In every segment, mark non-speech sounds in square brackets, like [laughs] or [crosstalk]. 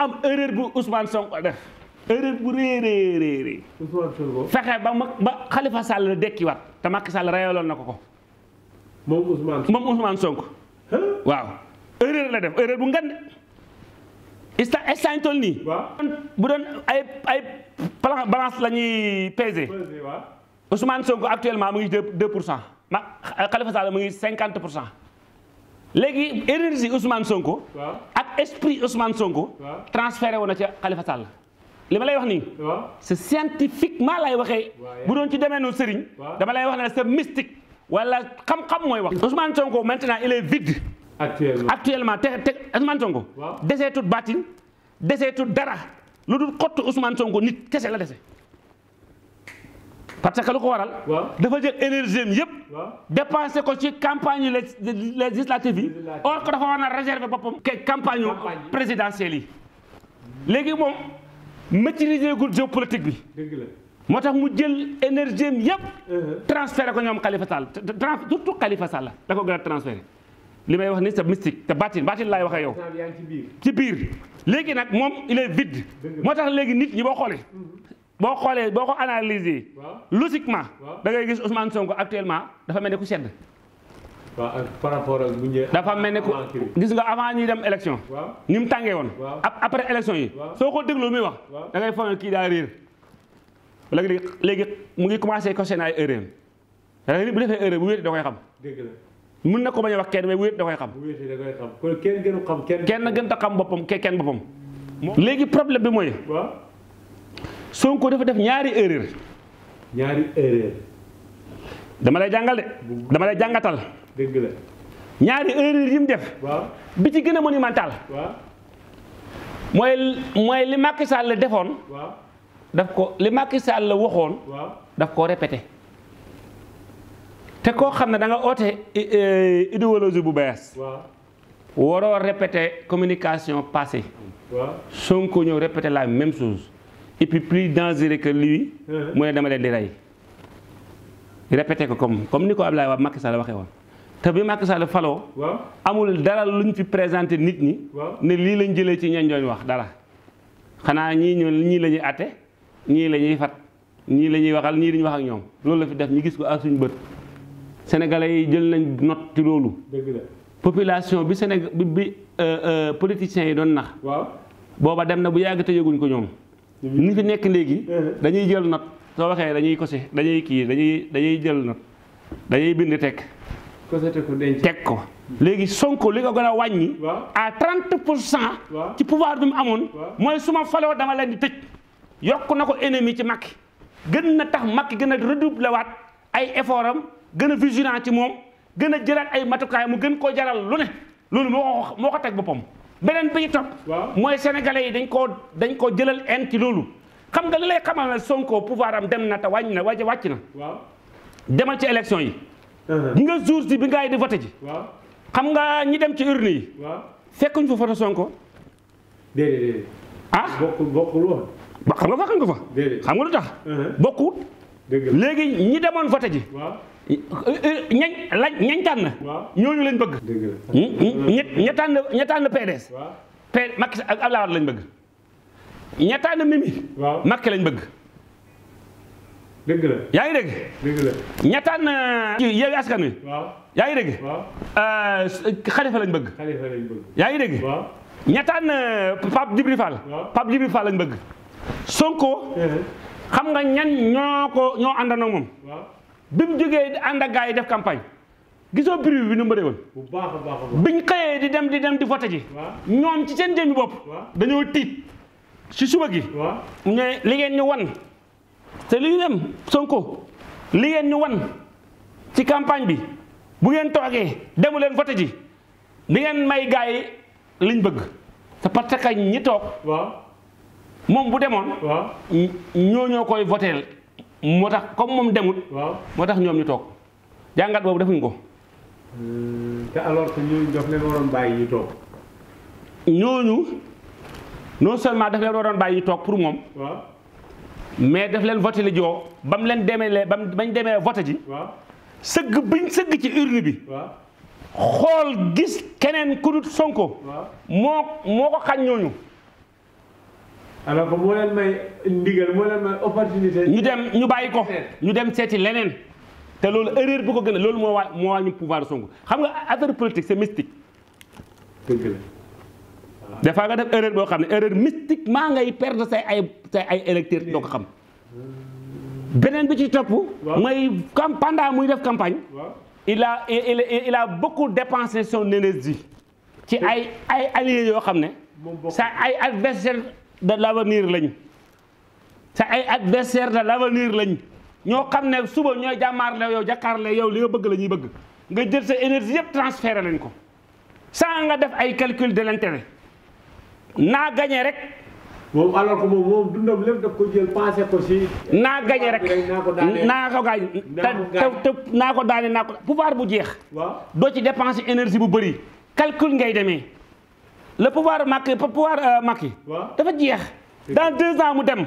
am erreur bu Ousmane Sonko def erreur bu réeréeréeré. Ousmane Sonko fexe ba ma ba Khalifa Sall dekkiwaat te Macky Sall reyaloon na ko ko. moom Ousmane Sonko moom Ousmane Sonko. waaw erreur la def erreur bu nga instant instant ñu toll nii. bu doon ay ay balance la ñuy peser. Ousmane Sonko actuellement mu ngi deux pour cent ma Khalifa Sall mu ngi cinquante pour cent. léegi énergie Ousmane Sonko. ak esprit Ousmane Sonko. transféré wu na ca Khalifa li ma lay wax nii. waaw c'est scientifiquement lay waxee. bu doon ci demeenu sëriñ. dama lay wax ne c'est wala xam-xam mooy wax. Ousmane Sonko maintenant il est vide. actuellement actuellement te te Ousmane Sonko. waaw deseetut baatin dara lu dul xottu Ousmane songo nit kese la dese. parce que lu ko waral. dafa jël énergie am yëpp. dépensé ko ci campagne yi législative yi. or que dafa war a réserver boppam. campagne présidentielle yi. légi moom maîtriser gul géopolitique bi. moo tax mu jël énergie am yëpp. Uh-huh. transféré ko ñoom Khalifa Sall surtout Khalifa Sall da ko gën transféré. li may wax ni c'est mystique te baatin baatin laay waxee yow. ci biir. léegi nag moom il est moo tax léegi nit ñi boo xoolee. Uh-huh. boo xoolee boo ko analyser. logiquement. da ngay gis Ousmane Sonko actuellement dafa mel ni ku sedd. waaw rapport ak bu ñu dafa mel ne ku gis nga avant ñuy dem élection. ni mu tàngee woon. après élection yi. soo ko déglu muy wax. da ngay kii daa réer. léegi mu ngi commencé questionner ay erreur da bu defee erreur bu wéet da koy xam. dëgg la mun na ko bañ a wax kenn mais wéet da koy xam. bu wéet da koy xam kon kenn gënu xam kenn. boppam kenn boppam. léegi problème bi mooy. Sonko dafa def ñaari erreur ñaari erreur dama lay jàngale de dama lay jàngatal. dëgg ñaari erreur yi def. bi ci gën a monumental. waaw mooy mooy li Macky la defoon. daf ko li Macky la waxoon. daf koo répété. te koo xam ne da nga oote e, idéologie bu bees. waaw waroo répété communication passée. waaw Sonko ñëw répété la même chose. et puis plus dangereux que lii uh-huh. mooy dama leen di rey. répété ko comme comme ni ko Abdoulaye Wade Macky Sall waxee woon te bi Macky Sall faloo. amul dara lu luñ fi présenté nit ñi. ne lii lañ jëlee ci ñan doon wax dara. xanaa ñii ñu ñii la ñuy atte ñii la ñuy fat ñii la ñuy waxal ñii duñu wax ak ñoom loolu la fi def ñu gis ko ak suñu bët. sénégalais yi jël nañ note ci loolu. dëgg bi Sénégal bi bi euh, euh, politiciens yi doon nax. waaw booba dem na bu yàgg te yëguñ ko ñoom. ni fi nekk léegi dañuy jël not soo waxee dañuy kose dañuy kii dañuy dañuy jël not dañuy bind teg teg ko léegi sonk li ko gën a wàññi à trente pour cent ci pouvoir bi mu amoon mooy su ma faloo dama leen di tëj yokk na ko ennemi ci Macky gën na tax Macky gën a redoubler waat ay effort gën a vigilant ci moom gën a jëlaat ay matukaay mu gën koo jaral lu ne loolu moo ko moo ko teg boppam beneen bi topp mooy sénégalais yi dañ koo dañ koo jëlal en loolu xam nga li lay xamal Sonko pouvoir am dem na te wàññi na wàcc wàcc na demal ci élection yi ñi uh-huh. nga si bi ngay di voté ji xam nga ñi dem ci urne yi fekkuñ fa foto Sonko déedéet déedéet ah bokkul xam nga fekkuñ nga lu tax uh-huh. bokkut léegi ñi demoon voté ji ñañ lañ ñañ tànn. ñooñu lañ bëgg. dëgg hmm? Hmm? ña tànn ña tànn PDS. waaw P Macky ak Abdoulaye lañ bëgg. ña tànn Mimi. waaw lañ bëgg. dëgg dégg. dëgg la ña tànn euh, Askan Wi. waaw yaa ngi dégg. waaw euh, lañ bëgg. Khalifa lañ bëgg. yaa ngi dégg. ña tànn euh, Pape Djibril Fall. waaw Pape Djibril Fall lañ bëgg. Sonko. xam nga ñoo ko ñoo àndandoo moom. bi mu jógee ànd a gars yi def campagne gisoo prix bi nu mu bëree woon. bu baax xëyee di dem di dem di voté ji. ñoom ci seen jëmmi bopp. dañoo tiit si suba gi. ñu ne li ngeen ñu wan te li ñu dem Sonko li ngeen ñu wan ci campagne bi bu ngeen toogee demu leen voté ji di ngeen may gars yi liñ bëgg te parce que ñi toog. moom bu demoon. ñoo ñoo koy voté. moo tax comme moom demut. waaw moo tax ñoom ñu toog jàngat boobu defuñ ko. Hmm, te alors que ñooñu daf leen waroon bàyyi ñu toog. ñooñu non seulement daf leen waroon bàyyi toog pour moom. mais daf leen voté li joo ba mu leen demee ba mu demee voté ji. waaw sëgg biñ sëgg ci urne bi. xool gis keneen ku Sonko. moo moo ko xañ ñooñu. alors que moo leen may ndigal moo ñu dem ñu bàyyi ko ñu dem seeti leneen te loolu erreur bu ko gën a loolu moo waa moo waa ñu pouvoir songu xam nga affaire politique c'est mystique. dëgg la. des nga def erreur boo xam ne erreur mystique maa ngay perd say ay say ay électeurs doo ko xam. beneen bi ci topp. mooy comme muy def campagne. il a il a il a beaucoup dépensé son ci ay ay alliés yoo xam ne. sa ay adversaires. de l'avenir lañ sa ay adversaire la l'avenir lañ ñoo xam ne suba ñooy jàmmaarle yow jàkkaarle yow li nga bëgg la ñuy bëgg nga jël sa énergie yëpp transféré lañ ko sa nga def ay calcul de l'intérêt naa gañe rek. moom alors que moom moom dundam lépp naa gañe rek ko gaañ te naa ko daane naa ko pouvoir bu jeex. waaw doo ci dépenser énergie bu bëri calcul ngay demee. le pouvoir euh, Macky pouvoir Macky dafa jeex dans deux ans mu dem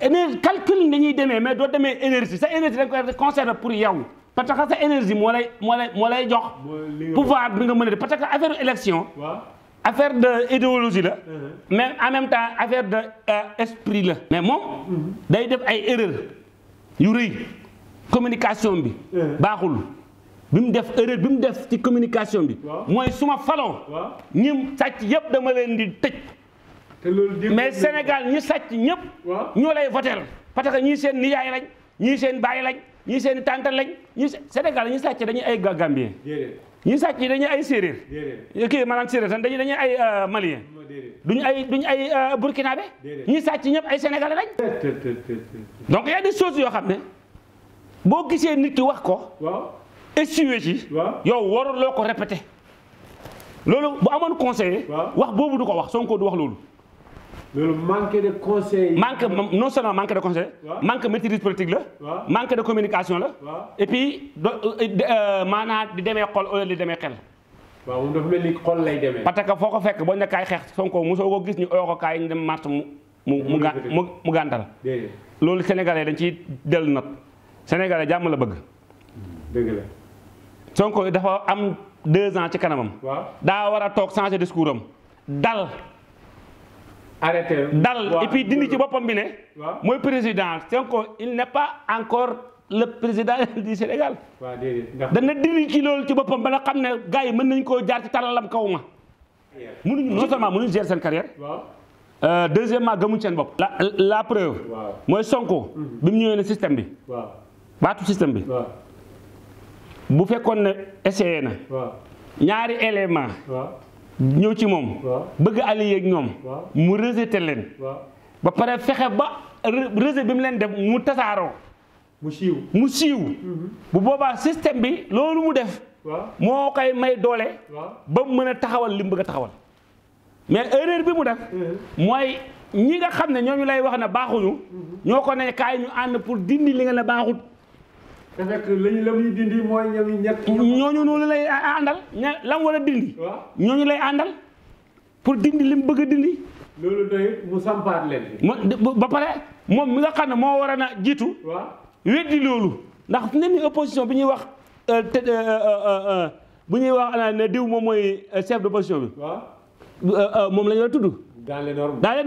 éner calcul ni ñuy demee mais doo demee énergie sa énergie da nga koy conserver pour yow parce que sa énergie moo lay moo lay moo lay jox pouvoir bi nga mën a def parce que affaire élection affaire de idéologie la uh-huh. mais en même temps affaire de euh, esprit la mais moom mm-hmm. day def ay erreur yu rëy communication bi uh-huh. baaxul bi mu def erreur bi mu def ci communication bi. mooy suma ma faloo. ñim sàcc yëpp dama leen di tëj. mais Sénégal ñi sàcc ñëpp. ñoo ay voté parce que ñii seen nijaay lañ ñii seen baay lañ ñii seen tante lañ ñii Sénégal ñi sàcc dañuy ay Gambien. ñi sàcc dañuy ay séréer kii maanaam séeréer tan dañuy dañuy ay euh, malien. duñu ay duñu ay euh, burkinabé. ñi sàcc ñëpp ay sénégalais lañ. donc y a des yoo xam ne boo gisee nit ki wax ko. essuyer ci. yow loo ko répété. loolu bu amoon conseil wax boobu du ko wax Sonko du wax loolu. loolu manque de conseil. manque non seulement manque de conseil. manque maîtrise politique la. manque de communication la. et puis do euh, euh, maanaam di demee xol au lieu demee xel. waaw lay demee. parce que foo ko fekk boo ne kaay xeex Sonko mosoo ko gis ni oyoo ko kaay ñu dem mars mu mu mu mu gàntal. loolu sénégalais dañ ci dellu not sénégalais jàmm la bëgg. Sonko dafa am deux ans ci kanamam. daa war a toog changer discours am dal. arrêté dal et puis dindi ci boppam bi ne. mooy président Sonko il n'est pas encore. le président [laughs] du Sénégal. waaw déedéet dana diri ci loolu ci boppam ba nga xam ne gars yi mën nañu koo jaar ci talalam kaw ma. mënuñu non seulement mënuñu gérer seen carrière. waaw euh, deuxièmement gëmuñ seen bopp. la la preuve. mooy Sonko. Mhm. bi mu ñëwee ne système bi. waaw baatu système bi. bu fekkoon na essayé na. ñaari élément ñëw ci moom. bëgg allié ak ñoom. mu rejeté leen. ba pare fexe ba rejet bi mu leen def mu tasaaroo. mu siiw mu siiw. Mhm. bu boobaa système bi loolu mu def. moo koy may doole. ba mu mën a taxawal li mu bëgg a taxawal. mais erreur bi mu def. Mhm. mooy ñii nga xam ne ñooñu lay wax na baaxuñu. Mhm. ñoo ko ne kaay ñu ànd pour dindi li nga ne baaxut. te lañu la muy dindi mooy ñoom ñett. ñooñu noonu lay àndal ña lam war a dindi. waaw ñooñu lay àndal pour dindi li bëgg a dindi. loolu doy mu sampaat leen. ba pare moom mi nga xam ne moo war na jiitu. waaw weddi loolu ndax fi ne bi ñuy wax euh, euh, euh, bu ñuy wax ne diw moom mooy chef d' opposition bi. waaw moom la ñu war a tudd. dans les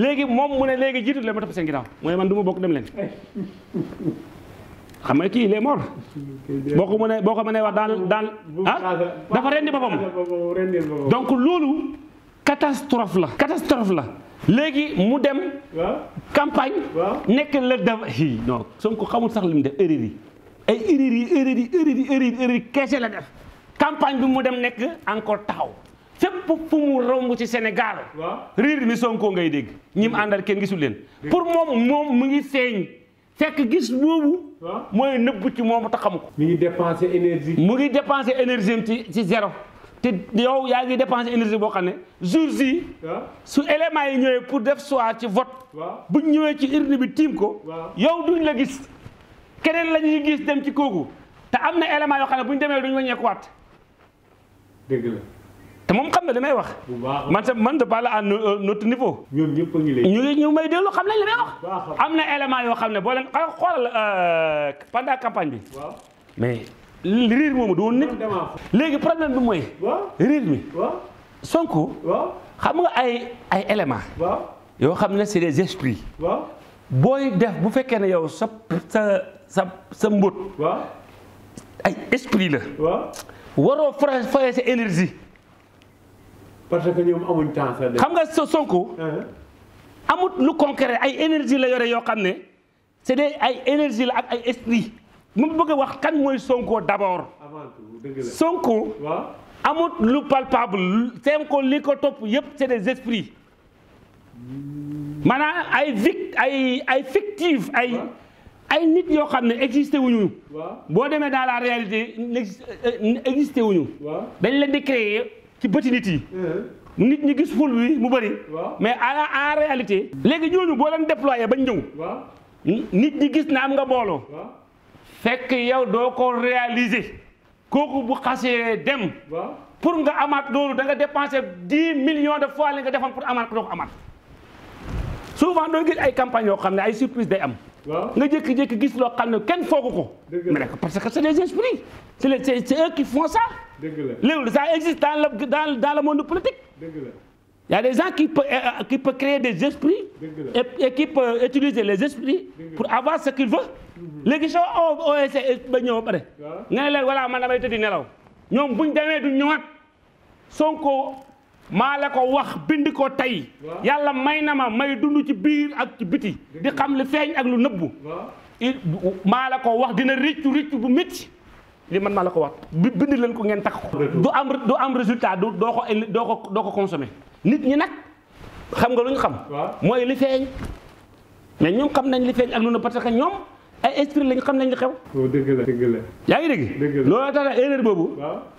léegi moom mu ne léegi jiitu leen ma topp seen ginnaaw mu man du ma bokk dem leen. [laughs] xam nga kii il est boo ko mënee boo ko mënee wax dans dans ah dafa rendi boppam donc loolu catastrophe la catastrophe la léegi mu dem campagne nekk la def i non Sonko xamul sax li mu def erreur yi ay erreur yi erreur yi erreur yi erreur yi keese la def campagne bi mu dem nekk encore taxaw fépp fu mu romb ci Sénégal riir mi Sonko ngay dégg ñi mu àndal kenn gisul leen pour moom moom mu ngi seeñ fekk gis boobu. mooy nëbbu ci moom te xamu ko. mi ngi dépensé énergie. mu ngi dépensé énergie am ci ci zéro te yow yaa ngi dépensé énergie boo xam ne jour si su éléments yi ñëwee pour def soit ci vote. bu ñu ñëwee ci urne bi tiim ko. yow du duñ la gis. keneen la ñuy gis dem ci kooku te am na éléments yoo xam ne bu ñu demee duñ wàññeekuwaat. dëgg la. te moom xam na li may wax. man sa man de parle à euh, notre niveau. ñoom ñëpp a ngi may déglu xam nañ li may wax. am na élément yoo xam ne boo leen xoolal euh, pendant campagne bi. mais riir moomu du woon nit. léegi problème bi mooy. riir mi. Sonko. xam nga ay ay élément yoo xam ne c'est des esprits. booy def bu fekkee ne yow sa sa sa sa ay esprit la. waroo fooyee sa énergie. parce que ñoom amuñ temps xam nga sa Sonko. Uh-huh. amut lu concret ay énergie la yore yoo xam ne c' est des ay énergie la ak ay esprit mu bëgg a wax kan mooy Sonko d' abord. avant Sonko. waaw amut lu palpable seen ko li ko topp yëpp c' est des esprits maanaam ay ay ay fictive ay. ay nit yoo xam ne existé wuñu boo demee dans la réalité n' existé wuñu dañ leen di ci bëti nit yi. Eh. nit ñi gis ful bi mu bëri. mais en réalité. léegi ñooñu boo leen déployé bañ ñëw. nit ñi gis na am nga booloo fekk yow doo ko réaliser. kooku bu xasee dem. pour nga amaat doo da nga dépensé dix millions de fois li nga defoon pour amaat ko doo ko amaat. souvent doo gis ay campagne yoo xam ne ay surprise day am. nga jékki-jékki gis loo xam ne kenn foogu ko. mais nag parce que c' est les esprits c' est les c' est eux qui font ça. dëgg la loolu ça existe dans le dans monde politique. dëgg a des gens qui euh, euh, créer des esprits. et et qui peut utiliser les esprits. pour avoir ce qu'il veut. Mhm. léegi soo oo o ba ñëw ba pare. nga ne leen voilà man damay tëddi nelaw ñoom buñ demee du ñëwaat Sonko. maa la ko wax bind ko tey yàlla may na ma may dund ci biir ak ci biti di xam li feeñ ak lu nëbbu maa la ko wax dina rëccu rëccu bu métti li man maa la ko wax bind leen ko ngeen takk ko du am du am résultat du doo ko doo ko doo ko consommé nit ñi nag xam nga lu ñu xam mooy li feeñ mais ñoom xam nañ li feeñ ak lu nëbbu parce que ñoom ay esprit lañ xam nañ li xew. Oh, la dëgg la. yaa ngi dégg. dëgg la loolu tax erreur boobu.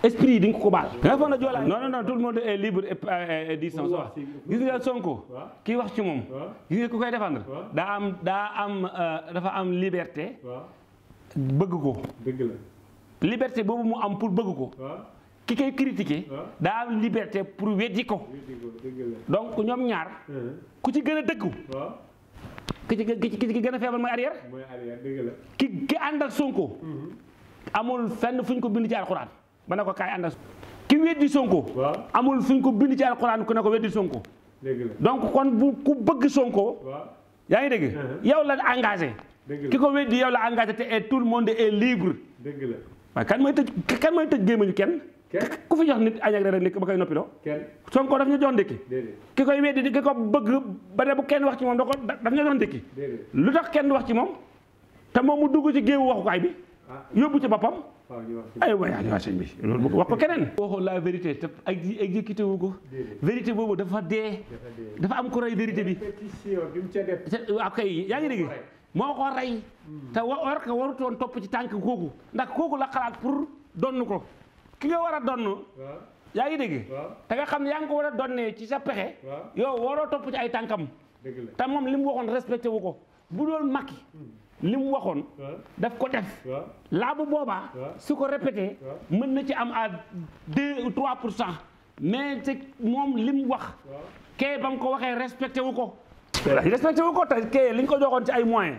esprit yi di nga ko baal. da nga foog na joolaa non non non tout le monde est libre et dit son choix gis nga wax ci moom. gis nga ku koy défendre. daa am daa am euh, dafa am liberté. bëgg ko. liberté boobu mu am pour bëgg ko. ki koy critiqué daa am liberté pour weddi ko. donc ñoom ñaar. ku ci gën a dëggu. ki ci ki ci gën a feebar mooy arrière. mooy arrière ki ki ànd ak Sonko. Mhm. amul fenn fuñ ko bind ci alxuraan ba ne ko kaay ànd ak ki weddi Sonko. amul fuñ ko bind ci alxuraan ku ne ko weddi Sonko. donc kon bu ku bëgg Sonko. yaa ngi dégg. Mhm. yow la engagé. ki ko weddi yow la engage te et tout le monde est libre. dëgg la waaye mooy tëj kan mooy tëj gémmiñu kenn. ku fi jox nit añ ak reer ndékki ba koy noppiloo Sonko daf ñu jox ndékki ki koy weddi di ki ko bëgg ba ne bu kenn wax ci moom da ko daf ñu jox ndékki lu tax kenn wax ci moom te moom mu dugg ci géewu waxukaay bi ah. yóbbu ci boppam ay waay waa sëñ bi loolu wax ko keneen [laughs] waxoon la vérité te exécuté wu ko vérité boobu dafa dee dafa am ko rey vérité bi waaw kay yaa ngi dégg moo ko rey hmm. te war ko warutoon topp ci tànk kooku ndax kooku la xalaat pour donn ko ki nga war a donn yaa ngi dégg te nga xam ne yaa ngi ko war a donnee ci sa pexe yow waroo topp ci ay tànkam te moom li mu waxoon respecté wu ko bu doon Macky hmm. li mu waxoon daf ko def laa bu boobaa su ko répété mën na ci am a deux trois pour cent mais te moom li mu wax kee ba mu ko waxee respecté wu ko respecté wu ko te kee li ñu ko joxoon ci ay moyens